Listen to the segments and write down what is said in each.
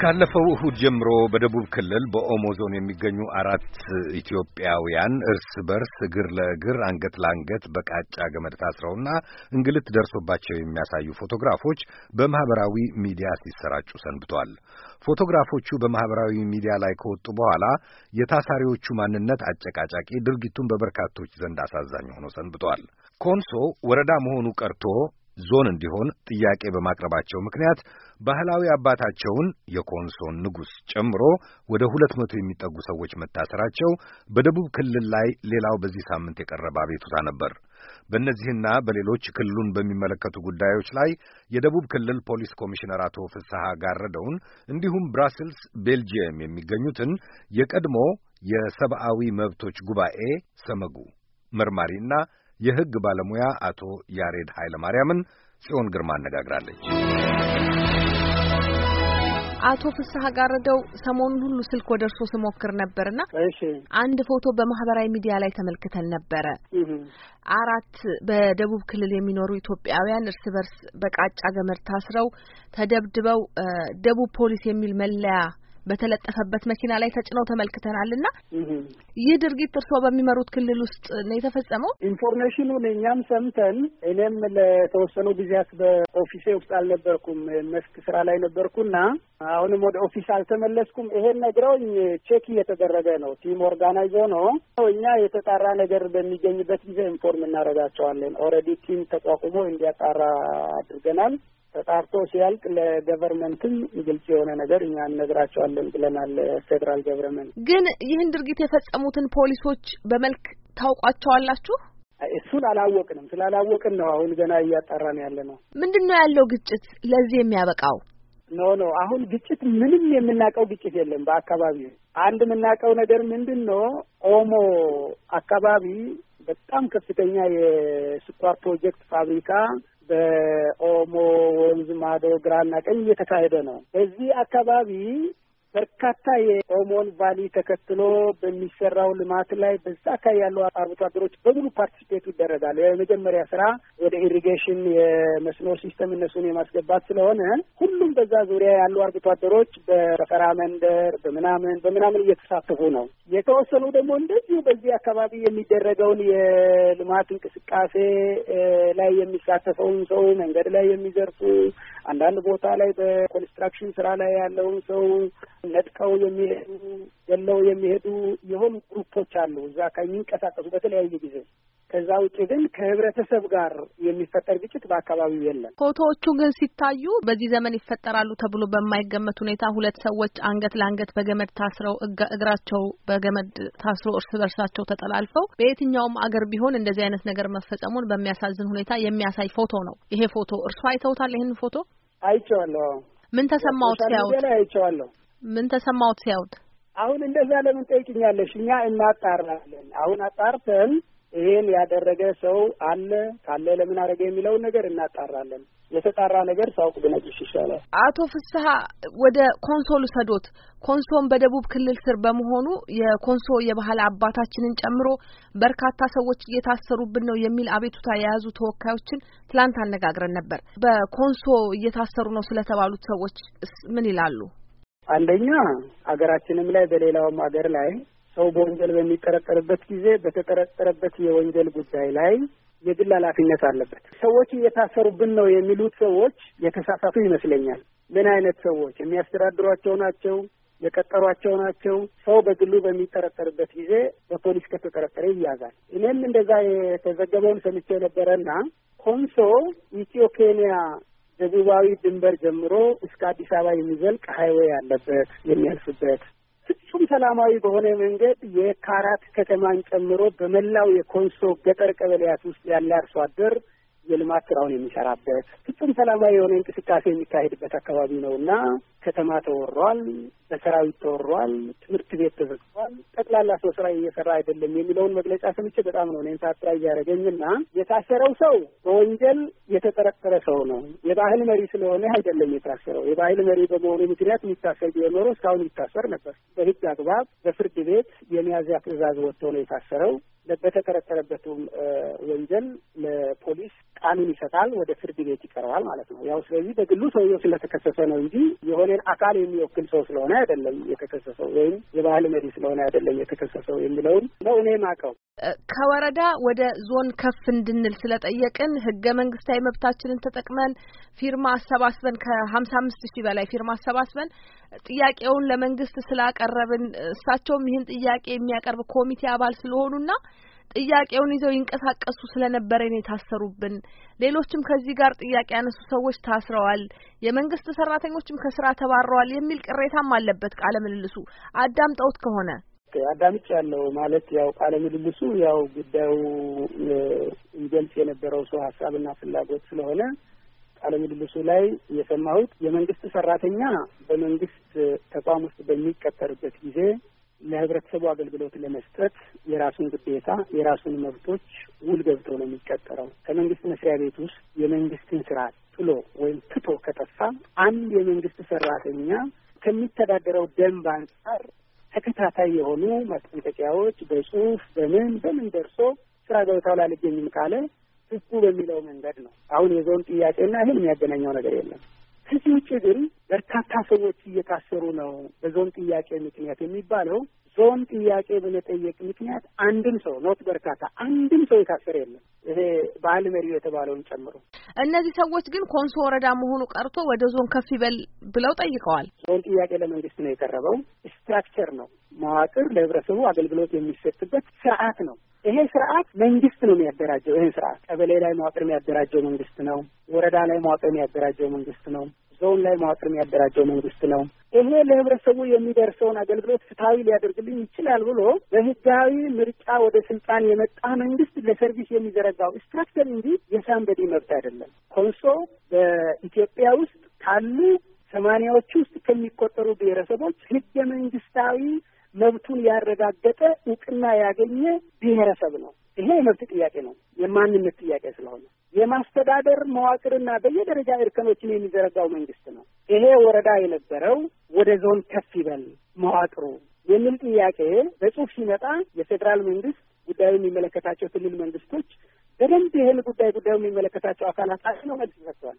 ካለፈው እሁድ ጀምሮ በደቡብ ክልል በኦሞ ዞን የሚገኙ አራት ኢትዮጵያውያን እርስ በርስ እግር ለእግር አንገት ለአንገት በቃጫ ገመድ ታስረውና እንግልት ደርሶባቸው የሚያሳዩ ፎቶግራፎች በማህበራዊ ሚዲያ ሲሰራጩ ሰንብቷል። ፎቶግራፎቹ በማህበራዊ ሚዲያ ላይ ከወጡ በኋላ የታሳሪዎቹ ማንነት አጨቃጫቂ፣ ድርጊቱን በበርካቶች ዘንድ አሳዛኝ ሆኖ ሰንብቷል። ኮንሶ ወረዳ መሆኑ ቀርቶ ዞን እንዲሆን ጥያቄ በማቅረባቸው ምክንያት ባህላዊ አባታቸውን የኮንሶን ንጉሥ ጨምሮ ወደ ሁለት መቶ የሚጠጉ ሰዎች መታሰራቸው በደቡብ ክልል ላይ ሌላው በዚህ ሳምንት የቀረበ አቤቱታ ነበር። በእነዚህና በሌሎች ክልሉን በሚመለከቱ ጉዳዮች ላይ የደቡብ ክልል ፖሊስ ኮሚሽነር አቶ ፍስሐ ጋረደውን እንዲሁም ብራስልስ ቤልጅየም የሚገኙትን የቀድሞ የሰብአዊ መብቶች ጉባኤ ሰመጉ መርማሪና የሕግ ባለሙያ አቶ ያሬድ ኃይለ ማርያምን ጽዮን ግርማ አነጋግራለች። አቶ ፍስሐ ጋርደው ሰሞኑን ሁሉ ስልክ ወደ እርሶ ስሞክር ነበርና አንድ ፎቶ በማህበራዊ ሚዲያ ላይ ተመልክተን ነበረ። አራት በደቡብ ክልል የሚኖሩ ኢትዮጵያውያን እርስ በርስ በቃጫ ገመድ ታስረው ተደብድበው ደቡብ ፖሊስ የሚል መለያ በተለጠፈበት መኪና ላይ ተጭነው ተመልክተናል። እና ይህ ድርጊት እርስዎ በሚመሩት ክልል ውስጥ ነው የተፈጸመው? ኢንፎርሜሽኑን እኛም ሰምተን፣ እኔም ለተወሰኑ ጊዜያት በኦፊሴ ውስጥ አልነበርኩም፣ መስክ ስራ ላይ ነበርኩና አሁንም ወደ ኦፊስ አልተመለስኩም። ይሄን ነግረውኝ ቼክ እየተደረገ ነው፣ ቲም ኦርጋናይዞ ነው። እኛ የተጣራ ነገር በሚገኝበት ጊዜ ኢንፎርም እናደርጋቸዋለን። ኦልሬዲ ቲም ተቋቁሞ እንዲያጣራ አድርገናል። ተጣርቶ ሲያልቅ ለገቨርንመንትም ግልጽ የሆነ ነገር እኛ እነግራቸዋለን ብለናል። ፌዴራል ገቨርንመንት ግን ይህን ድርጊት የፈጸሙትን ፖሊሶች በመልክ ታውቋቸዋላችሁ? እሱን አላወቅንም። ስላላወቅን ነው አሁን ገና እያጣራን ያለ ነው። ምንድን ነው ያለው ግጭት ለዚህ የሚያበቃው? ኖ ኖ አሁን ግጭት ምንም የምናውቀው ግጭት የለም። በአካባቢው አንድ የምናውቀው ነገር ምንድን ነው ኦሞ አካባቢ በጣም ከፍተኛ የስኳር ፕሮጀክት ፋብሪካ በኦሞ ወንዝ ማዶ ግራና ቀኝ እየተካሄደ ነው። በዚህ አካባቢ በርካታ የኦሞን ቫሊ ተከትሎ በሚሰራው ልማት ላይ በዛ አካባቢ ያሉ አርብቶ አደሮች በሙሉ ፓርቲሲፔቱ ይደረጋል። የመጀመሪያ ስራ ወደ ኢሪጌሽን የመስኖ ሲስተም እነሱን የማስገባት ስለሆነ ሁሉም በዛ ዙሪያ ያሉ አርብቶ አደሮች በፈራ መንደር በምናምን በምናምን እየተሳተፉ ነው። የተወሰኑ ደግሞ እንደዚሁ በዚህ አካባቢ የሚደረገውን የልማት እንቅስቃሴ ላይ የሚሳተፈውን ሰው መንገድ ላይ የሚዘርፉ አንዳንድ ቦታ ላይ በኮንስትራክሽን ስራ ላይ ያለውን ሰው ነጥቀው የሚሄዱ ገለው የሚሄዱ የሆኑ ግሩፖች አሉ እዛ ከሚንቀሳቀሱ በተለያየ ጊዜ ከዛ ውጭ ግን ከህብረተሰብ ጋር የሚፈጠር ግጭት በአካባቢው የለም። ፎቶዎቹ ግን ሲታዩ በዚህ ዘመን ይፈጠራሉ ተብሎ በማይገመት ሁኔታ ሁለት ሰዎች አንገት ለአንገት በገመድ ታስረው እግራቸው በገመድ ታስሮ እርስ በርሳቸው ተጠላልፈው በየትኛውም አገር ቢሆን እንደዚህ አይነት ነገር መፈጸሙን በሚያሳዝን ሁኔታ የሚያሳይ ፎቶ ነው። ይሄ ፎቶ እርሱ አይተውታል? ይህን ፎቶ አይቼዋለሁ። ምን ተሰማዎት ሲያዩት? አይቼዋለሁ። ምን ተሰማውት ሲያዩት? አሁን እንደዛ ለምን ጠይቅኛለሽ? እኛ እናጣራለን። አሁን አጣርተን ይሄን ያደረገ ሰው አለ ካለ ለምን አደረገ የሚለውን ነገር እናጣራለን። የተጣራ ነገር ሳውቅ ብነግርሽ ይሻላል። አቶ ፍስሀ ወደ ኮንሶ ሰዶት ኮንሶም በደቡብ ክልል ስር በመሆኑ የኮንሶ የባህል አባታችንን ጨምሮ በርካታ ሰዎች እየታሰሩብን ነው የሚል አቤቱታ የያዙ ተወካዮችን ትላንት አነጋግረን ነበር። በኮንሶ እየታሰሩ ነው ስለተባሉት ሰዎች ምን ይላሉ? አንደኛ ሀገራችንም ላይ በሌላውም ሀገር ላይ ሰው በወንጀል በሚጠረጠርበት ጊዜ በተጠረጠረበት የወንጀል ጉዳይ ላይ የግል ኃላፊነት አለበት። ሰዎች እየታሰሩብን ነው የሚሉት ሰዎች የተሳሳቱ ይመስለኛል። ምን አይነት ሰዎች የሚያስተዳድሯቸው ናቸው? የቀጠሯቸው ናቸው? ሰው በግሉ በሚጠረጠርበት ጊዜ በፖሊስ ከተጠረጠረ ይያዛል። እኔም እንደዛ የተዘገበውን ሰምቼ ነበረና ኮንሶ ኢትዮ ኬንያ ደቡባዊ ድንበር ጀምሮ እስከ አዲስ አበባ የሚዘልቅ ሀይዌይ ያለበት የሚያልፍበት ፍጹም ሰላማዊ በሆነ መንገድ የካራት ከተማን ጨምሮ በመላው የኮንሶ ገጠር ቀበሌያት ውስጥ ያለ አርሶ አደር የልማት ስራውን የሚሰራበት ፍጹም ሰላማዊ የሆነ እንቅስቃሴ የሚካሄድበት አካባቢ ነው እና ከተማ ተወሯል፣ በሰራዊት ተወሯል፣ ትምህርት ቤት ተዘግቷል፣ ጠቅላላ ሰው ስራ እየሰራ አይደለም የሚለውን መግለጫ ሰምቼ በጣም ነው እኔን ላይ እያደረገኝ እና የታሰረው ሰው በወንጀል የተጠረጠረ ሰው ነው። የባህል መሪ ስለሆነ አይደለም የታሰረው። የባህል መሪ በመሆኑ ምክንያት የሚታሰር ቢኖሮ እስካሁን ይታሰር ነበር። በህግ አግባብ በፍርድ ቤት የሚያዝያ ትዕዛዝ ወጥቶ ነው የታሰረው። በተጠረጠረበትም ወንጀል ለፖሊስ ቃሉን ይሰጣል፣ ወደ ፍርድ ቤት ይቀርባል ማለት ነው። ያው ስለዚህ በግሉ ሰውየው ስለተከሰሰ ነው እንጂ የሆነን አካል የሚወክል ሰው ስለሆነ አይደለም የተከሰሰው ወይም የባህል መሪ ስለሆነ አይደለም የተከሰሰው የሚለውን ነው እኔ ማቀው። ከወረዳ ወደ ዞን ከፍ እንድንል ስለጠየቅን ህገ መንግስታዊ መብታችንን ተጠቅመን ፊርማ አሰባስበን ከሀምሳ አምስት ሺህ በላይ ፊርማ አሰባስበን ጥያቄውን ለመንግስት ስላቀረብን እሳቸውም ይህን ጥያቄ የሚያቀርብ ኮሚቴ አባል ስለሆኑና ጥያቄውን ይዘው ይንቀሳቀሱ ስለነበረ እኔ የታሰሩብን። ሌሎችም ከዚህ ጋር ጥያቄ ያነሱ ሰዎች ታስረዋል፣ የመንግስት ሰራተኞችም ከስራ ተባረዋል የሚል ቅሬታም አለበት። ቃለ ምልልሱ አዳምጠውት ከሆነ አዳምጭ ያለው ማለት ያው ቃለ ምልልሱ ያው ጉዳዩ ይገልጽ የነበረው ሰው ሀሳብና ፍላጎት ስለሆነ ቃለ ምልልሱ ላይ የሰማሁት የመንግስት ሰራተኛ በመንግስት ተቋም ውስጥ በሚቀጠርበት ጊዜ ለህብረተሰቡ አገልግሎት ለመስጠት የራሱን ግዴታ የራሱን መብቶች ውል ገብቶ ነው የሚቀጠረው። ከመንግስት መስሪያ ቤት ውስጥ የመንግስትን ስራ ጥሎ ወይም ትቶ ከጠፋ አንድ የመንግስት ሰራተኛ ከሚተዳደረው ደንብ አንጻር ተከታታይ የሆኑ ማስጠንቀቂያዎች በጽሁፍ በምን በምን ደርሶ ስራ ገበታው ላይ አልገኝም ካለ ህጉ በሚለው መንገድ ነው። አሁን የዞን ጥያቄና ይህን የሚያገናኘው ነገር የለም። ከዚህ ውጭ ግን በርካታ ሰዎች እየታሰሩ ነው በዞን ጥያቄ ምክንያት የሚባለው ዞን ጥያቄ በመጠየቅ ምክንያት አንድም ሰው ኖት በርካታ አንድም ሰው የታሰረ የለም። ይሄ ባህል መሪው የተባለውን ጨምሮ እነዚህ ሰዎች ግን ኮንሶ ወረዳ መሆኑ ቀርቶ ወደ ዞን ከፍ ይበል ብለው ጠይቀዋል። ዞን ጥያቄ ለመንግስት ነው የቀረበው። ስትራክቸር ነው መዋቅር፣ ለህብረተሰቡ አገልግሎት የሚሰጥበት ስርዓት ነው። ይሄ ስርዓት መንግስት ነው የሚያደራጀው። ይህን ስርዓት ቀበሌ ላይ መዋቅር የሚያደራጀው መንግስት ነው። ወረዳ ላይ መዋቅር የሚያደራጀው መንግስት ነው። ዞን ላይ መዋቅር የሚያደራጀው መንግስት ነው። ይሄ ለህብረተሰቡ የሚደርሰውን አገልግሎት ፍትሐዊ ሊያደርግልኝ ይችላል ብሎ በህጋዊ ምርጫ ወደ ስልጣን የመጣ መንግስት ለሰርቪስ የሚዘረጋው ስትራክቸር እንጂ የሳንበዲ መብት አይደለም። ኮንሶ በኢትዮጵያ ውስጥ ካሉ ሰማንያዎች ውስጥ ከሚቆጠሩ ብሔረሰቦች ህገ መንግስታዊ መብቱን ያረጋገጠ እውቅና ያገኘ ብሔረሰብ ነው። ይሄ የመብት ጥያቄ ነው፣ የማንነት ጥያቄ ስለሆነ የማስተዳደር መዋቅርና በየደረጃ እርከኖችን የሚዘረጋው መንግስት ነው። ይሄ ወረዳ የነበረው ወደ ዞን ከፍ ይበል መዋቅሩ የሚል ጥያቄ በጽሁፍ ሲመጣ የፌዴራል መንግስት ጉዳዩ የሚመለከታቸው ክልል መንግስቶች በደንብ ይህን ጉዳይ ጉዳዩ የሚመለከታቸው አካላት ነው መልስ ሰጥተዋል።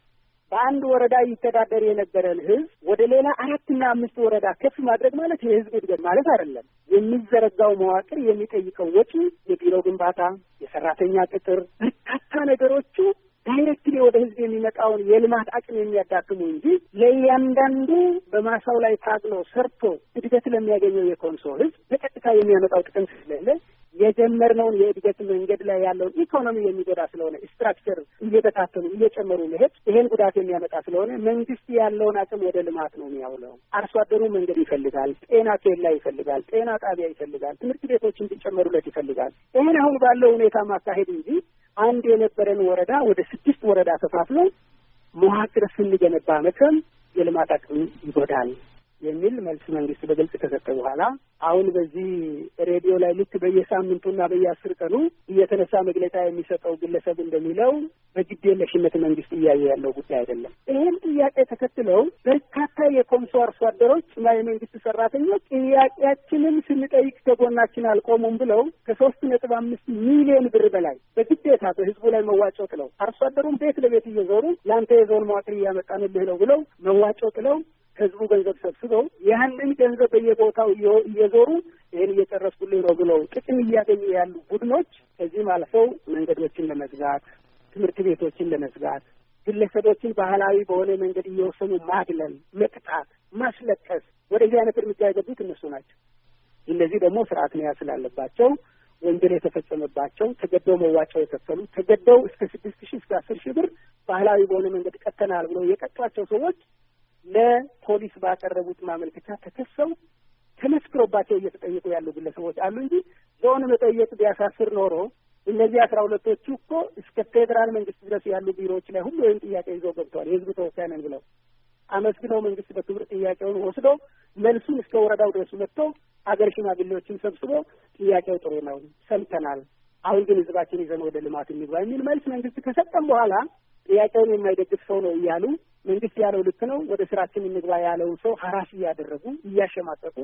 በአንድ ወረዳ ይተዳደር የነበረን ህዝብ ወደ ሌላ አራትና አምስት ወረዳ ከፍ ማድረግ ማለት የህዝብ እድገት ማለት አይደለም። የሚዘረጋው መዋቅር የሚጠይቀው ወጪ፣ የቢሮ ግንባታ፣ የሰራተኛ ቅጥር፣ በርካታ ነገሮቹ ዳይሬክትሊ ወደ ህዝብ የሚመጣውን የልማት አቅም የሚያዳክሙ እንጂ ለእያንዳንዱ በማሳው ላይ ታግሎ ሰርቶ እድገት ለሚያገኘው የኮንሶ ህዝብ በቀጥታ የሚያመጣው ጥቅም ስለሌለ የጀመርነውን የእድገት መንገድ ላይ ያለውን ኢኮኖሚ የሚጎዳ ስለሆነ ስትራክቸር እየተታተኑ እየጨመሩ መሄድ ይሄን ጉዳት የሚያመጣ ስለሆነ መንግስት ያለውን አቅም ወደ ልማት ነው የሚያውለው። አርሶ አደሩ መንገድ ይፈልጋል፣ ጤና ኬላ ይፈልጋል፣ ጤና ጣቢያ ይፈልጋል፣ ትምህርት ቤቶች እንዲጨመሩለት ይፈልጋል። ይህን አሁን ባለው ሁኔታ ማካሄድ እንጂ አንድ የነበረን ወረዳ ወደ ስድስት ወረዳ ተፋፍሎ መዋቅር ስንገነባ መቼም የልማት አቅም ይጎዳል። የሚል መልስ መንግስት በግልጽ ከሰጠ በኋላ አሁን በዚህ ሬዲዮ ላይ ልክ በየሳምንቱና በየአስር ቀኑ እየተነሳ መግለጫ የሚሰጠው ግለሰብ እንደሚለው በግድ የለሽነት መንግስት እያየ ያለው ጉዳይ አይደለም። ይህን ጥያቄ ተከትለው በርካታ የኮንሶ አርሶ አደሮች እና የመንግስት ሰራተኞች ጥያቄያችንን ስንጠይቅ ከጎናችን አልቆሙም ብለው ከሶስት ነጥብ አምስት ሚሊዮን ብር በላይ በግዴታ በህዝቡ ላይ መዋጮ ጥለው አርሶ አደሩን ቤት ለቤት እየዞሩ ለአንተ የዞን መዋቅር እያመጣንልህ ነው ብለው መዋጮ ጥለው ህዝቡ ገንዘብ ሰብስበው ያንን ገንዘብ በየቦታው እየዞሩ ይህን እየጨረስኩልኝ ነው ብለው ጥቅም እያገኙ ያሉ ቡድኖች ከዚህም አልፈው መንገዶችን ለመዝጋት፣ ትምህርት ቤቶችን ለመዝጋት፣ ግለሰቦችን ባህላዊ በሆነ መንገድ እየወሰኑ ማግለል፣ መቅጣት፣ ማስለቀስ ወደዚህ አይነት እርምጃ የገቡት እነሱ ናቸው። እነዚህ ደግሞ ስርዓት መያዝ ስላለባቸው ወንጀል የተፈጸመባቸው ተገደው መዋጫው የከፈሉ ተገደው እስከ ስድስት ሺህ እስከ አስር ሺህ ብር ባህላዊ በሆነ መንገድ ቀጥተናል ብለው የቀጧቸው ሰዎች ለፖሊስ ባቀረቡት ማመልከቻ ተከሰው ተመስክሮባቸው እየተጠየቁ ያሉ ግለሰቦች አሉ እንጂ ዞን መጠየቅ ቢያሳስር ኖሮ እነዚህ አስራ ሁለቶቹ እኮ እስከ ፌዴራል መንግስት ድረስ ያሉ ቢሮዎች ላይ ሁሉ ይህን ጥያቄ ይዘው ገብተዋል። የህዝብ ተወካይ ነን ብለው አመስግነው መንግስት በክብር ጥያቄውን ወስዶ መልሱን እስከ ወረዳው ድረስ መጥቶ አገር ሽማግሌዎችን ሰብስቦ ጥያቄው ጥሩ ነው ሰምተናል፣ አሁን ግን ህዝባችን ይዘን ወደ ልማት እንግባ የሚል መልስ መንግስት ከሰጠም በኋላ ጥያቄውን የማይደግፍ ሰው ነው እያሉ መንግስት ያለው ልክ ነው፣ ወደ ስራችን እንግባ ያለውን ሰው ሀራስ እያደረጉ እያሸማቀቁ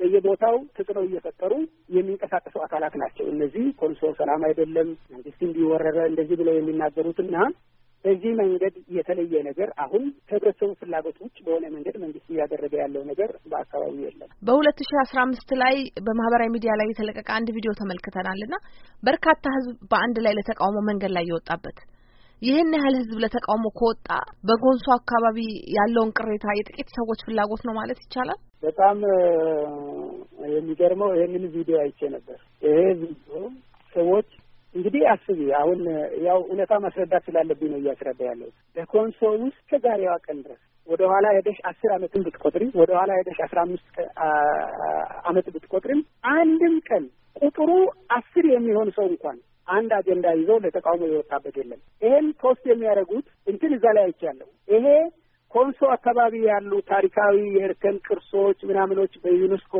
በየቦታው ተጽዕኖ እየፈጠሩ የሚንቀሳቀሱ አካላት ናቸው። እነዚህ ኮንሶ ሰላም አይደለም መንግስት እንዲወረረ እንደዚህ ብለው የሚናገሩት እና በዚህ መንገድ የተለየ ነገር አሁን ከህብረተሰቡ ፍላጎት ውጭ በሆነ መንገድ መንግስት እያደረገ ያለው ነገር በአካባቢው የለም። በሁለት ሺ አስራ አምስት ላይ በማህበራዊ ሚዲያ ላይ የተለቀቀ አንድ ቪዲዮ ተመልክተናል እና በርካታ ህዝብ በአንድ ላይ ለተቃውሞ መንገድ ላይ የወጣበት ይህን ያህል ህዝብ ለተቃውሞ ከወጣ በጎንሶ አካባቢ ያለውን ቅሬታ የጥቂት ሰዎች ፍላጎት ነው ማለት ይቻላል። በጣም የሚገርመው ይህንን ቪዲዮ አይቼ ነበር። ይሄ ቪዲዮ ሰዎች እንግዲህ አስቢ አሁን ያው እውነታ ማስረዳት ስላለብኝ ነው እያስረዳ ያለው በኮንሶ ውስጥ ከዛሬዋ ቀን ድረስ ወደ ኋላ ሄደሽ አስር አመትን ብትቆጥሪ ወደ ኋላ ሄደሽ አስራ አምስት አመት ብትቆጥሪም አንድም ቀን ቁጥሩ አስር የሚሆን ሰው እንኳን አንድ አጀንዳ ይዞ ለተቃውሞ የወጣበት የለም። ይሄን ፖስት የሚያደርጉት እንትን እዛ ላይ አይቻለሁ። ይሄ ኮንሶ አካባቢ ያሉ ታሪካዊ የእርከን ቅርሶች ምናምኖች በዩኔስኮ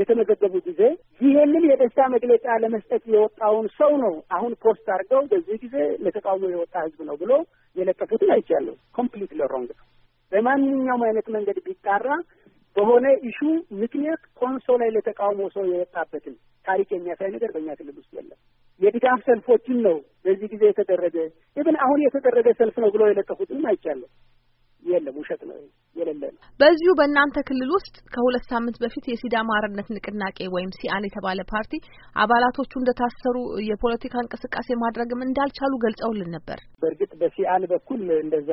የተመዘገቡ ጊዜ ይሄንን የደስታ መግለጫ ለመስጠት የወጣውን ሰው ነው አሁን ፖስት አድርገው በዚህ ጊዜ ለተቃውሞ የወጣ ህዝብ ነው ብሎ የለጠፉትን አይቻለሁ። ኮምፕሊት ለሮንግ ነው። በማንኛውም አይነት መንገድ ቢጣራ በሆነ ኢሹ ምክንያት ኮንሶ ላይ ለተቃውሞ ሰው የወጣበትን ታሪክ የሚያሳይ ነገር በእኛ ክልል ውስጥ የለም። የድጋፍ ሰልፎችን ነው በዚህ ጊዜ የተደረገ ግን አሁን የተደረገ ሰልፍ ነው ብሎ የለጠፉትንም አይቻለሁ። የለም ውሸት ነው የሌለ ነው። በዚሁ በእናንተ ክልል ውስጥ ከሁለት ሳምንት በፊት የሲዳማ አርነት ንቅናቄ ወይም ሲአን የተባለ ፓርቲ አባላቶቹ እንደታሰሩ የፖለቲካ እንቅስቃሴ ማድረግም እንዳልቻሉ ገልጸውልን ነበር። በእርግጥ በሲአን በኩል እንደዛ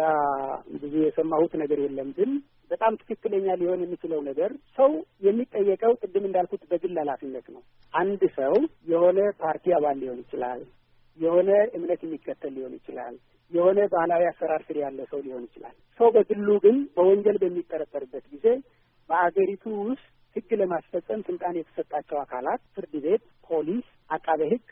ብዙ የሰማሁት ነገር የለም ግን በጣም ትክክለኛ ሊሆን የሚችለው ነገር ሰው የሚጠየቀው ቅድም እንዳልኩት በግል ኃላፊነት ነው። አንድ ሰው የሆነ ፓርቲ አባል ሊሆን ይችላል። የሆነ እምነት የሚከተል ሊሆን ይችላል። የሆነ ባህላዊ አሰራር ስር ያለ ሰው ሊሆን ይችላል። ሰው በግሉ ግን በወንጀል በሚጠረጠርበት ጊዜ በአገሪቱ ውስጥ ሕግ ለማስፈጸም ስልጣን የተሰጣቸው አካላት ፍርድ ቤት፣ ፖሊስ፣ አቃቤ ሕግ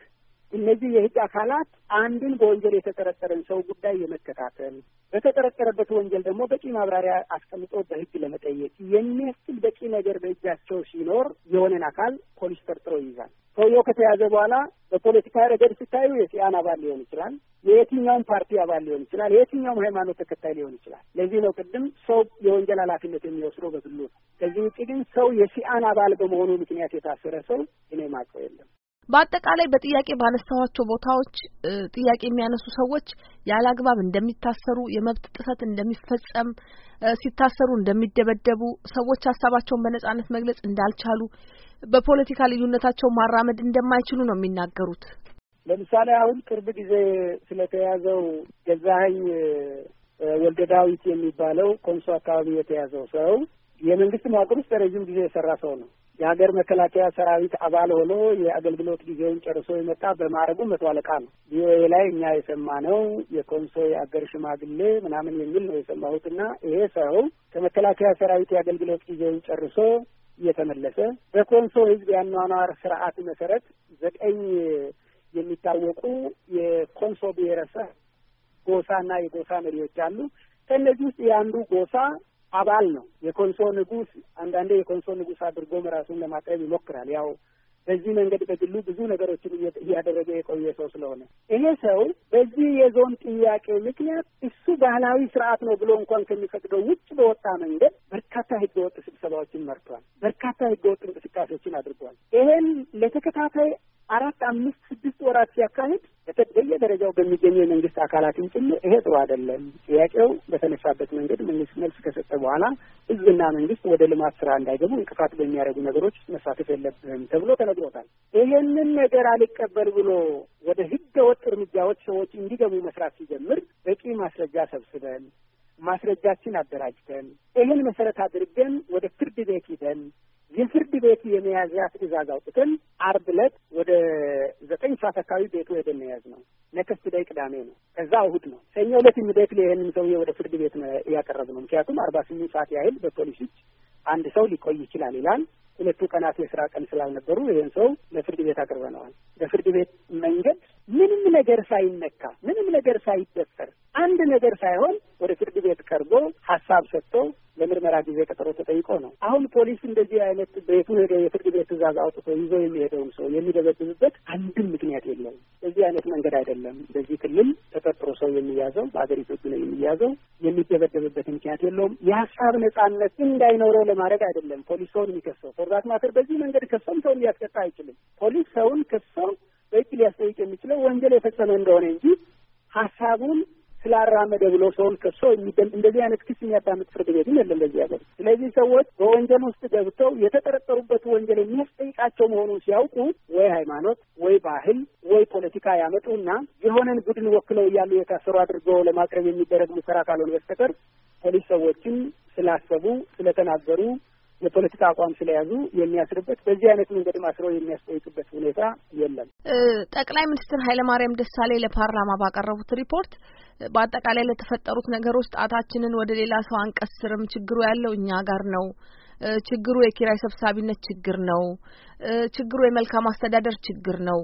እነዚህ የህግ አካላት አንድን በወንጀል የተጠረጠረን ሰው ጉዳይ የመከታተል በተጠረጠረበት ወንጀል ደግሞ በቂ ማብራሪያ አስቀምጦ በህግ ለመጠየቅ የሚያስችል በቂ ነገር በእጃቸው ሲኖር የሆነን አካል ፖሊስ ጠርጥሮ ይይዛል። ሰውየው ከተያዘ በኋላ በፖለቲካ ረገድ ስታዩ የሲያን አባል ሊሆን ይችላል፣ የየትኛውም ፓርቲ አባል ሊሆን ይችላል፣ የየትኛውም ሃይማኖት ተከታይ ሊሆን ይችላል። ለዚህ ነው ቅድም ሰው የወንጀል ኃላፊነት የሚወስደው በግሉ ነው። ከዚህ ውጭ ግን ሰው የሲያን አባል በመሆኑ ምክንያት የታሰረ ሰው እኔ ማቀው የለም። በአጠቃላይ በጥያቄ ባነሳኋቸው ቦታዎች ጥያቄ የሚያነሱ ሰዎች ያለ አግባብ እንደሚታሰሩ፣ የመብት ጥሰት እንደሚፈጸም፣ ሲታሰሩ እንደሚደበደቡ፣ ሰዎች ሀሳባቸውን በነጻነት መግለጽ እንዳልቻሉ፣ በፖለቲካ ልዩነታቸው ማራመድ እንደማይችሉ ነው የሚናገሩት። ለምሳሌ አሁን ቅርብ ጊዜ ስለተያዘው ገዛኸኝ ወልደ ዳዊት የሚባለው ኮንሶ አካባቢ የተያዘው ሰው የመንግስት መዋቅር ውስጥ ረዥም ጊዜ የሰራ ሰው ነው። የሀገር መከላከያ ሰራዊት አባል ሆኖ የአገልግሎት ጊዜውን ጨርሶ የመጣ በማዕረጉ መቶ አለቃ ነው። ቪኦኤ ላይ እኛ የሰማነው የኮንሶ የአገር ሽማግሌ ምናምን የሚል ነው የሰማሁት እና ይሄ ሰው ከመከላከያ ሰራዊት የአገልግሎት ጊዜውን ጨርሶ እየተመለሰ በኮንሶ ሕዝብ የአኗኗር ስርዓት መሰረት ዘጠኝ የሚታወቁ የኮንሶ ብሔረሰብ ጎሳና የጎሳ መሪዎች አሉ። ከእነዚህ ውስጥ የአንዱ ጎሳ አባል ነው። የኮንሶ ንጉስ አንዳንዴ የኮንሶ ንጉስ አድርጎም ራሱን ለማቅረብ ይሞክራል። ያው በዚህ መንገድ በግሉ ብዙ ነገሮችን እያደረገ የቆየ ሰው ስለሆነ ይሄ ሰው በዚህ የዞን ጥያቄ ምክንያት እሱ ባህላዊ ስርዓት ነው ብሎ እንኳን ከሚፈቅደው ውጭ በወጣ መንገድ በርካታ ህገወጥ ስብሰባዎችን መርቷል። በርካታ ህገወጥ እንቅስቃሴዎችን አድርጓል። ይሄን ለተከታታይ አራት፣ አምስት፣ ስድስት ወራት ሲያካሂድ በሚመለከት በየደረጃው በሚገኙ የመንግስት አካላትም ጭምር ይሄ ጥሩ አይደለም። ጥያቄው በተነሳበት መንገድ መንግስት መልስ ከሰጠ በኋላ ህዝብና መንግስት ወደ ልማት ስራ እንዳይገቡ እንቅፋት በሚያደርጉ ነገሮች መሳተፍ የለብህም ተብሎ ተነግሮታል። ይሄንን ነገር አልቀበል ብሎ ወደ ህገ ወጥ እርምጃዎች ሰዎች እንዲገቡ መስራት ሲጀምር በቂ ማስረጃ ሰብስበን ማስረጃችን አደራጅተን ይህን መሰረት አድርገን ወደ ፍርድ ቤት ሂደን የፍርድ ቤት የመያዝያ ትእዛዝ አውጥተን አርብ ዕለት ወደ ዘጠኝ ሰዓት አካባቢ ቤቱ ሄደን ነው የያዝነው። ኔክስት ዴይ ቅዳሜ ነው። ከዛ እሁድ ነው። ሰኞ ዕለት የሚደክ ይህንን ሰውዬ ወደ ፍርድ ቤት እያቀረብ ነው። ምክንያቱም አርባ ስምንት ሰዓት ያህል በፖሊሶች አንድ ሰው ሊቆይ ይችላል ይላል። ሁለቱ ቀናት የስራ ቀን ስላልነበሩ ይህን ሰው ለፍርድ ቤት አቅርበነዋል። በፍርድ ቤት መንገድ ምንም ነገር ሳይነካ ምንም ነገር ሳይደፈር አንድ ነገር ሳይሆን ወደ ፍርድ ቤት ቀርቦ ሀሳብ ሰጥቶ ለምርመራ ጊዜ ቀጠሮ ተጠይቆ ነው። አሁን ፖሊስ እንደዚህ አይነት ቤቱ ሄደ የፍርድ ቤት ትዕዛዝ አውጥቶ ይዞ የሚሄደውን ሰው የሚደበድብበት አንድም ምክንያት የለም። በዚህ አይነት መንገድ አይደለም። በዚህ ክልል ተጠርጥሮ ሰው የሚያዘው በሀገሪቱ ሕግ ነው የሚያዘው። የሚደበደብበት ምክንያት የለውም። የሀሳብ ነጻነት እንዳይኖረው ለማድረግ አይደለም ፖሊስ ሰውን የሚከሰው። ፎርዛት ማተር በዚህ መንገድ ከሰውም ሰውን ሊያስቀጣ አይችልም። ፖሊስ ሰውን ከሰው በቂ ሊያስጠይቅ የሚችለው ወንጀል የፈጸመ እንደሆነ እንጂ ሀሳቡን ስላራመደ ብሎ ሰውን ከሶ እንደዚህ አይነት ክስ የሚያዳምጥ ፍርድ ቤትም የለም በዚህ ሀገር። ስለዚህ ሰዎች በወንጀል ውስጥ ገብተው የተጠረጠሩበት ወንጀል የሚያስጠይቃቸው መሆኑን ሲያውቁ ወይ ሃይማኖት፣ ወይ ባህል፣ ወይ ፖለቲካ ያመጡና የሆነን ቡድን ወክለው እያሉ የታሰሩ አድርገው ለማቅረብ የሚደረግ ሙከራ ካልሆነ በስተቀር ፖሊስ ሰዎችን ስላሰቡ ስለተናገሩ የፖለቲካ አቋም ስለያዙ የሚያስርበት በዚህ አይነት መንገድ ማስረው የሚያስጠይቅበት ሁኔታ የለም። ጠቅላይ ሚኒስትር ኃይለማርያም ደሳሌ ለፓርላማ ባቀረቡት ሪፖርት በአጠቃላይ ለተፈጠሩት ነገሮች ጣታችንን ወደ ሌላ ሰው አንቀስርም፣ ችግሩ ያለው እኛ ጋር ነው ችግሩ የኪራይ ሰብሳቢነት ችግር ነው፣ ችግሩ የመልካም አስተዳደር ችግር ነው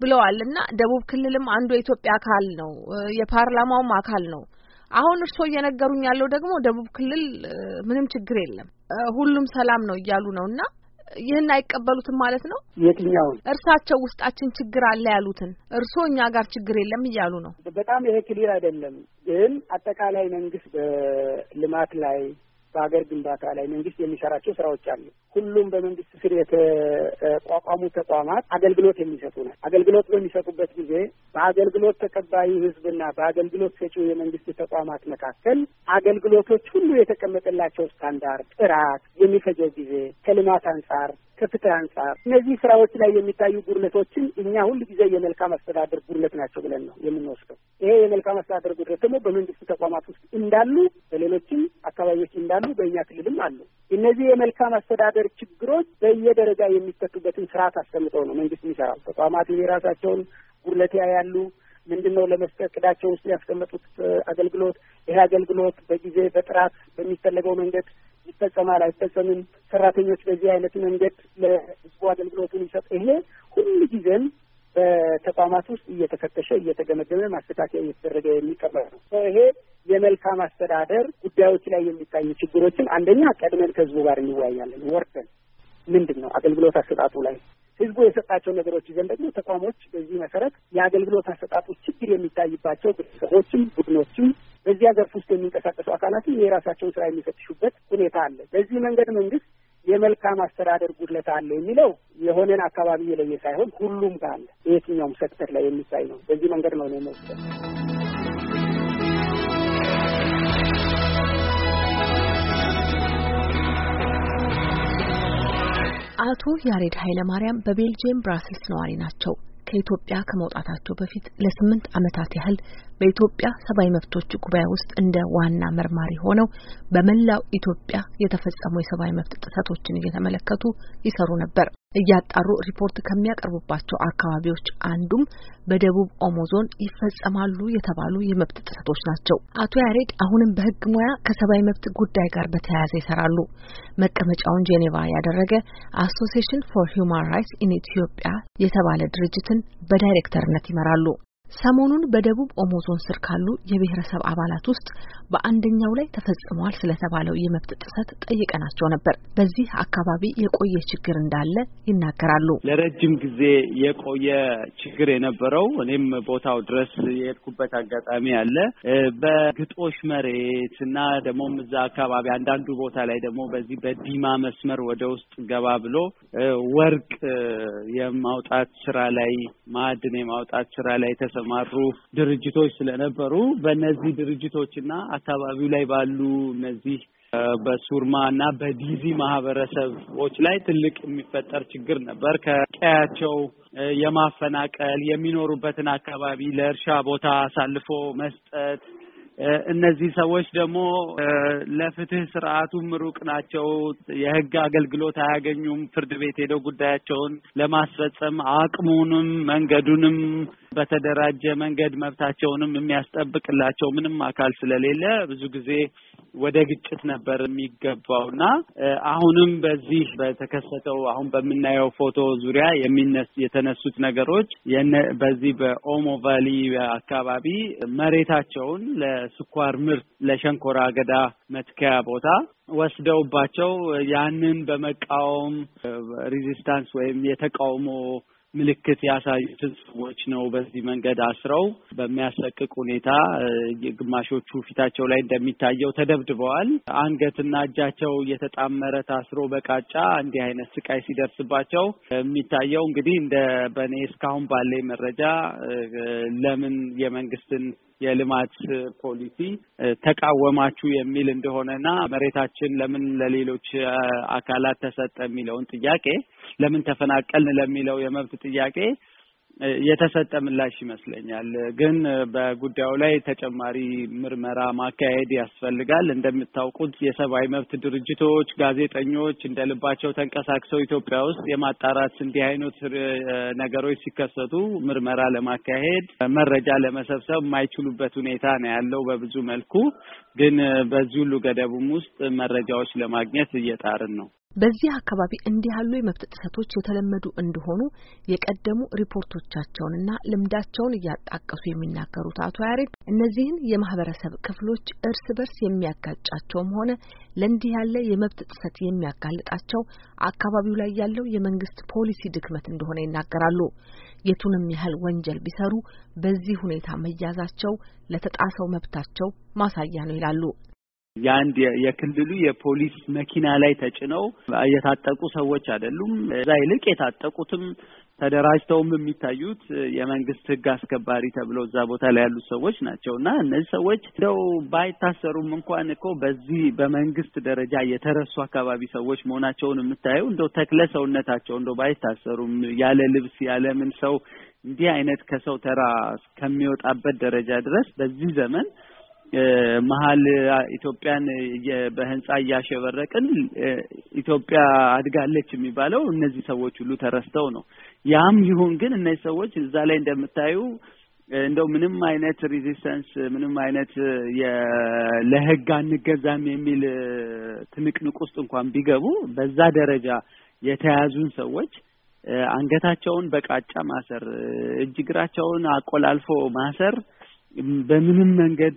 ብለዋል እና ደቡብ ክልልም አንዱ የኢትዮጵያ አካል ነው፣ የፓርላማውም አካል ነው። አሁን እርስዎ እየነገሩኝ ያለው ደግሞ ደቡብ ክልል ምንም ችግር የለም ሁሉም ሰላም ነው እያሉ ነው እና ይህን አይቀበሉትም ማለት ነው። የትኛውን እርሳቸው ውስጣችን ችግር አለ ያሉትን እርስዎ እኛ ጋር ችግር የለም እያሉ ነው። በጣም ይሄ ክሊር አይደለም። ግን አጠቃላይ መንግስት በልማት ላይ በሀገር ግንባታ ላይ መንግስት የሚሰራቸው ስራዎች አሉ። ሁሉም በመንግስት ስር የተቋቋሙ ተቋማት አገልግሎት የሚሰጡ ናቸው። አገልግሎት በሚሰጡበት ጊዜ በአገልግሎት ተቀባዩ ህዝብና በአገልግሎት ሰጪው የመንግስት ተቋማት መካከል አገልግሎቶች ሁሉ የተቀመጠላቸው ስታንዳርድ፣ ጥራት፣ የሚፈጀው ጊዜ ከልማት አንጻር ከፍትህ አንጻር እነዚህ ስራዎች ላይ የሚታዩ ጉድለቶችን እኛ ሁል ጊዜ የመልካም አስተዳደር ጉድለት ናቸው ብለን ነው የምንወስደው። ይሄ የመልካም አስተዳደር ጉድለት ደግሞ በመንግስት ተቋማት ውስጥ እንዳሉ በሌሎችም አካባቢዎች እንዳሉ በእኛ ክልልም አሉ። እነዚህ የመልካም አስተዳደር ችግሮች በየደረጃ የሚፈቱበትን ስርዓት አስቀምጠው ነው መንግስት የሚሰራው። ተቋማት የራሳቸውን ጉድለት ያያሉ። ምንድን ነው ለመስጠቅዳቸው ውስጥ ያስቀመጡት አገልግሎት ይሄ አገልግሎት በጊዜ በጥራት በሚፈለገው መንገድ ይፈጸማል አይፈጸምም፣ ሰራተኞች በዚህ አይነት መንገድ ለህዝቡ አገልግሎቱን ይሰጥ። ይሄ ሁሉ ጊዜም በተቋማት ውስጥ እየተፈተሸ እየተገመገመ ማስተካከያ እየተደረገ የሚቀመጥ ነው። ይሄ የመልካም አስተዳደር ጉዳዮች ላይ የሚታዩ ችግሮችን አንደኛ ቀድመን ከህዝቡ ጋር እንወያያለን። ወርደን ምንድን ነው አገልግሎት አሰጣጡ ላይ ህዝቡ የሰጣቸው ነገሮች ይዘን ደግሞ ተቋሞች በዚህ መሰረት የአገልግሎት አሰጣጡ ችግር የሚታይባቸው ግለሰቦችም ቡድኖችም በዚያ ዘርፍ ውስጥ የሚንቀሳቀሱ አካላትን የራሳቸውን ስራ የሚፈትሹበት ሁኔታ አለ። በዚህ መንገድ መንግስት የመልካም አስተዳደር ጉድለት አለ የሚለው የሆነን አካባቢ የለየ ሳይሆን ሁሉም ጋር አለ። የትኛውም ሴክተር ላይ የሚታይ ነው። በዚህ መንገድ ነው ነው መውሰድ አቶ ያሬድ ኃይለማርያም በቤልጅየም ብራስልስ ነዋሪ ናቸው። ከኢትዮጵያ ከመውጣታቸው በፊት ለስምንት ዓመታት ያህል በኢትዮጵያ ሰብአዊ መብቶች ጉባኤ ውስጥ እንደ ዋና መርማሪ ሆነው በመላው ኢትዮጵያ የተፈጸሙ የሰብአዊ መብት ጥሰቶችን እየተመለከቱ ይሰሩ ነበር። እያጣሩ ሪፖርት ከሚያቀርቡባቸው አካባቢዎች አንዱም በደቡብ ኦሞ ዞን ይፈጸማሉ የተባሉ የመብት ጥሰቶች ናቸው። አቶ ያሬድ አሁንም በሕግ ሙያ ከሰብአዊ መብት ጉዳይ ጋር በተያያዘ ይሰራሉ። መቀመጫውን ጄኔቫ ያደረገ አሶሲሽን ፎር ሂውማን ራይትስ ኢን ኢትዮጵያ የተባለ ድርጅትን በዳይሬክተርነት ይመራሉ። ሰሞኑን በደቡብ ኦሞ ዞን ስር ካሉ የብሔረሰብ አባላት ውስጥ በአንደኛው ላይ ተፈጽሟል ስለተባለው የመብት ጥሰት ጠይቀናቸው ነበር። በዚህ አካባቢ የቆየ ችግር እንዳለ ይናገራሉ። ለረጅም ጊዜ የቆየ ችግር የነበረው እኔም ቦታው ድረስ የሄድኩበት አጋጣሚ አለ። በግጦሽ መሬት እና ደግሞም እዛ አካባቢ አንዳንዱ ቦታ ላይ ደግሞ በዚህ በዲማ መስመር ወደ ውስጥ ገባ ብሎ ወርቅ የማውጣት ስራ ላይ ማዕድን የማውጣት ስራ ላይ ተሰ የተሰማሩ ድርጅቶች ስለነበሩ በእነዚህ ድርጅቶችና አካባቢው ላይ ባሉ እነዚህ በሱርማ እና በዲዚ ማህበረሰቦች ላይ ትልቅ የሚፈጠር ችግር ነበር። ከቀያቸው የማፈናቀል የሚኖሩበትን አካባቢ ለእርሻ ቦታ አሳልፎ መስጠት እነዚህ ሰዎች ደግሞ ለፍትህ ስርዓቱም ሩቅ ናቸው። የህግ አገልግሎት አያገኙም። ፍርድ ቤት ሄደው ጉዳያቸውን ለማስፈጸም አቅሙንም መንገዱንም በተደራጀ መንገድ መብታቸውንም የሚያስጠብቅላቸው ምንም አካል ስለሌለ ብዙ ጊዜ ወደ ግጭት ነበር የሚገባው እና አሁንም በዚህ በተከሰተው አሁን በምናየው ፎቶ ዙሪያ የሚነስ የተነሱት ነገሮች በዚህ በኦሞ ቫሊ አካባቢ መሬታቸውን የስኳር ምርት ለሸንኮራ አገዳ መትከያ ቦታ ወስደውባቸው ያንን በመቃወም ሪዚስታንስ ወይም የተቃውሞ ምልክት ያሳዩትን ሰዎች ነው በዚህ መንገድ አስረው በሚያሰቅቅ ሁኔታ ግማሾቹ ፊታቸው ላይ እንደሚታየው ተደብድበዋል። አንገትና እጃቸው እየተጣመረ ታስሮ በቃጫ እንዲህ አይነት ስቃይ ሲደርስባቸው የሚታየው እንግዲህ እንደ በእኔ እስካሁን ባለኝ መረጃ ለምን የመንግስትን የልማት ፖሊሲ ተቃወማችሁ የሚል እንደሆነና መሬታችን ለምን ለሌሎች አካላት ተሰጠ የሚለውን ጥያቄ ለምን ተፈናቀልን ለሚለው የመብት ጥያቄ የተሰጠ ምላሽ ይመስለኛል። ግን በጉዳዩ ላይ ተጨማሪ ምርመራ ማካሄድ ያስፈልጋል። እንደምታውቁት የሰብአዊ መብት ድርጅቶች፣ ጋዜጠኞች እንደ ልባቸው ተንቀሳቅሰው ኢትዮጵያ ውስጥ የማጣራት እንዲህ አይነት ነገሮች ሲከሰቱ ምርመራ ለማካሄድ መረጃ ለመሰብሰብ የማይችሉበት ሁኔታ ነው ያለው። በብዙ መልኩ ግን በዚህ ሁሉ ገደቡም ውስጥ መረጃዎች ለማግኘት እየጣርን ነው። በዚህ አካባቢ እንዲህ ያሉ የመብት ጥሰቶች የተለመዱ እንደሆኑ የቀደሙ ሪፖርቶቻቸውንና ልምዳቸውን እያጣቀሱ የሚናገሩት አቶ ያሬድ እነዚህን የማህበረሰብ ክፍሎች እርስ በርስ የሚያጋጫቸውም ሆነ ለእንዲህ ያለ የመብት ጥሰት የሚያጋልጣቸው አካባቢው ላይ ያለው የመንግስት ፖሊሲ ድክመት እንደሆነ ይናገራሉ። የቱንም ያህል ወንጀል ቢሰሩ በዚህ ሁኔታ መያዛቸው ለተጣሰው መብታቸው ማሳያ ነው ይላሉ። የአንድ የክልሉ የፖሊስ መኪና ላይ ተጭነው የታጠቁ ሰዎች አይደሉም። እዛ ይልቅ የታጠቁትም ተደራጅተውም የሚታዩት የመንግስት ህግ አስከባሪ ተብለው እዛ ቦታ ላይ ያሉት ሰዎች ናቸው እና እነዚህ ሰዎች እንደው ባይታሰሩም እንኳን እኮ በዚህ በመንግስት ደረጃ የተረሱ አካባቢ ሰዎች መሆናቸውን የምታየው እንደው ተክለ ሰውነታቸው እንደው ባይታሰሩም ያለ ልብስ ያለ ምን ሰው እንዲህ አይነት ከሰው ተራ እስከሚወጣበት ደረጃ ድረስ በዚህ ዘመን መሀል ኢትዮጵያን በህንፃ እያሸበረቅን ኢትዮጵያ አድጋለች የሚባለው እነዚህ ሰዎች ሁሉ ተረስተው ነው። ያም ይሁን ግን እነዚህ ሰዎች እዛ ላይ እንደምታዩ እንደው ምንም አይነት ሪዚስተንስ ምንም አይነት ለህግ አንገዛም የሚል ትንቅንቅ ውስጥ እንኳን ቢገቡ በዛ ደረጃ የተያዙን ሰዎች አንገታቸውን በቃጫ ማሰር፣ እጅ እግራቸውን አቆላልፎ ማሰር በምንም መንገድ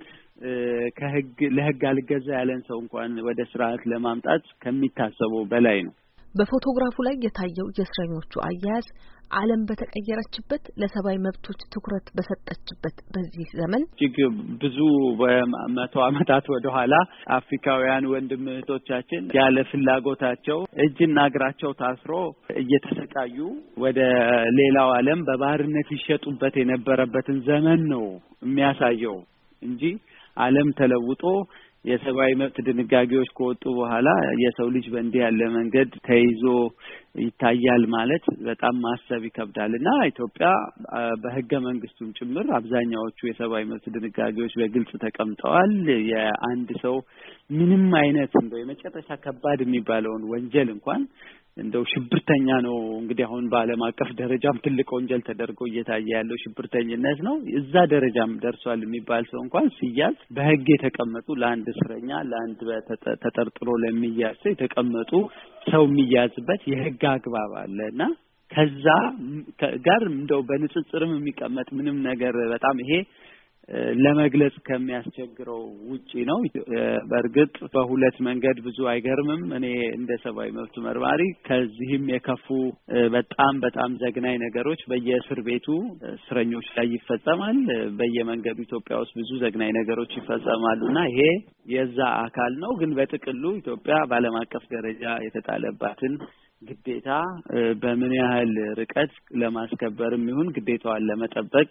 ከህግ ለህግ አልገዛ ያለን ሰው እንኳን ወደ ስርዓት ለማምጣት ከሚታሰበው በላይ ነው። በፎቶግራፉ ላይ የታየው የእስረኞቹ አያያዝ ዓለም በተቀየረችበት ለሰብአዊ መብቶች ትኩረት በሰጠችበት በዚህ ዘመን እጅግ ብዙ በመቶ ዓመታት ወደኋላ አፍሪካውያን ወንድም እህቶቻችን ያለ ፍላጎታቸው እጅና እግራቸው ታስሮ እየተሰቃዩ ወደ ሌላው ዓለም በባህርነት ይሸጡበት የነበረበትን ዘመን ነው የሚያሳየው እንጂ ዓለም ተለውጦ የሰብአዊ መብት ድንጋጌዎች ከወጡ በኋላ የሰው ልጅ በእንዲህ ያለ መንገድ ተይዞ ይታያል ማለት በጣም ማሰብ ይከብዳል እና ኢትዮጵያ በህገ መንግስቱም ጭምር አብዛኛዎቹ የሰብአዊ መብት ድንጋጌዎች በግልጽ ተቀምጠዋል። የአንድ ሰው ምንም አይነት እንደው የመጨረሻ ከባድ የሚባለውን ወንጀል እንኳን እንደው ሽብርተኛ ነው እንግዲህ አሁን በዓለም አቀፍ ደረጃም ትልቅ ወንጀል ተደርጎ እየታየ ያለው ሽብርተኝነት ነው። እዛ ደረጃም ደርሷል የሚባል ሰው እንኳን ሲያዝ በሕግ የተቀመጡ ለአንድ እስረኛ ለአንድ ተጠርጥሮ ለሚያዝ ሰው የተቀመጡ ሰው የሚያዝበት የሕግ አግባብ አለ እና ከዛ ጋር እንደው በንጽጽርም የሚቀመጥ ምንም ነገር በጣም ይሄ ለመግለጽ ከሚያስቸግረው ውጪ ነው። በእርግጥ በሁለት መንገድ ብዙ አይገርምም። እኔ እንደ ሰብአዊ መብት መርማሪ ከዚህም የከፉ በጣም በጣም ዘግናኝ ነገሮች በየእስር ቤቱ እስረኞች ላይ ይፈጸማል። በየመንገዱ ኢትዮጵያ ውስጥ ብዙ ዘግናኝ ነገሮች ይፈጸማሉ እና ይሄ የዛ አካል ነው። ግን በጥቅሉ ኢትዮጵያ በዓለም አቀፍ ደረጃ የተጣለባትን ግዴታ በምን ያህል ርቀት ለማስከበርም ይሁን ግዴታዋን ለመጠበቅ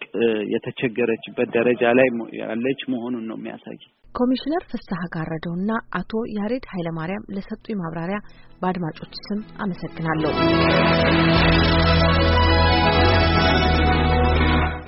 የተቸገረችበት ደረጃ ላይ ያለች መሆኑን ነው የሚያሳይ። ኮሚሽነር ፍስሐ ጋረደውና አቶ ያሬድ ኃይለማርያም ለሰጡኝ ማብራሪያ በአድማጮች ስም አመሰግናለሁ።